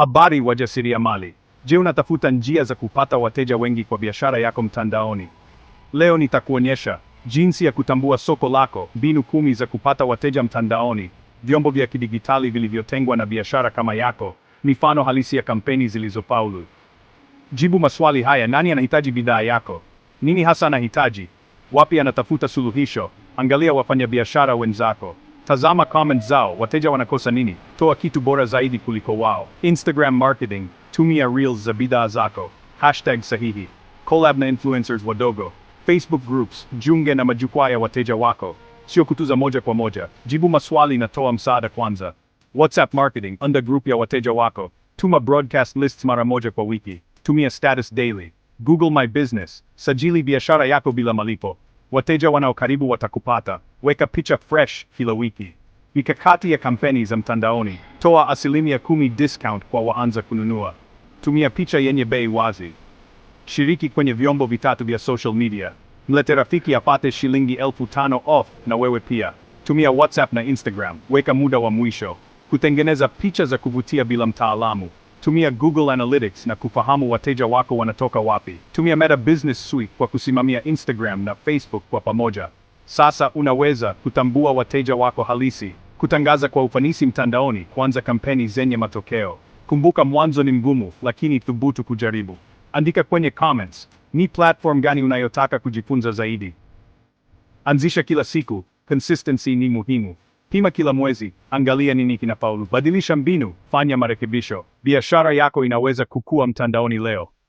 Habari wajasiriamali, je, unatafuta njia za kupata wateja wengi kwa biashara yako mtandaoni? Leo nitakuonyesha jinsi ya kutambua soko lako, mbinu kumi za kupata wateja mtandaoni, vyombo vya kidigitali vilivyotengwa na biashara kama yako, mifano halisi ya kampeni zilizofaulu. Jibu maswali haya: nani anahitaji bidhaa yako? Nini hasa anahitaji? Wapi anatafuta suluhisho? Angalia wafanyabiashara wenzako. Tazama comments zao, wateja wanakosa nini? Toa kitu bora zaidi kuliko wao. Instagram marketing, tumia reels za bidhaa zako, hashtag sahihi, collab na influencers wadogo, Facebook groups, jiunge na majukwaa ya wateja wako, sio kutuza moja kwa moja. Jibu maswali na toa msaada kwanza. WhatsApp marketing, unda group ya wateja wako, tuma broadcast lists mara moja kwa wiki, tumia status daily. Google My Business, sajili biashara yako bila malipo. Wateja wanaokaribu watakupata. Weka picha fresh kila wiki. Mikakati ya kampeni za mtandaoni: toa asilimia kumi discount kwa waanza kununua. Tumia picha yenye bei wazi. Shiriki kwenye vyombo vitatu vya social media. Mlete rafiki apate shilingi elfu tano off na wewe pia. Tumia WhatsApp na Instagram. Weka muda wa mwisho. Kutengeneza picha za kuvutia bila mtaalamu. Tumia Google Analytics na kufahamu wateja wako wanatoka wapi. Tumia Meta Business Suite kwa kusimamia Instagram na Facebook kwa pamoja. Sasa unaweza kutambua wateja wako halisi, kutangaza kwa ufanisi mtandaoni, kuanza kampeni zenye matokeo. Kumbuka, mwanzo ni mgumu, lakini thubutu kujaribu. Andika kwenye comments, ni platform gani unayotaka kujifunza zaidi? Anzisha kila siku, consistency ni muhimu. Pima kila mwezi, angalia nini kinafaulu, badilisha mbinu, fanya marekebisho. Biashara yako inaweza kukua mtandaoni leo.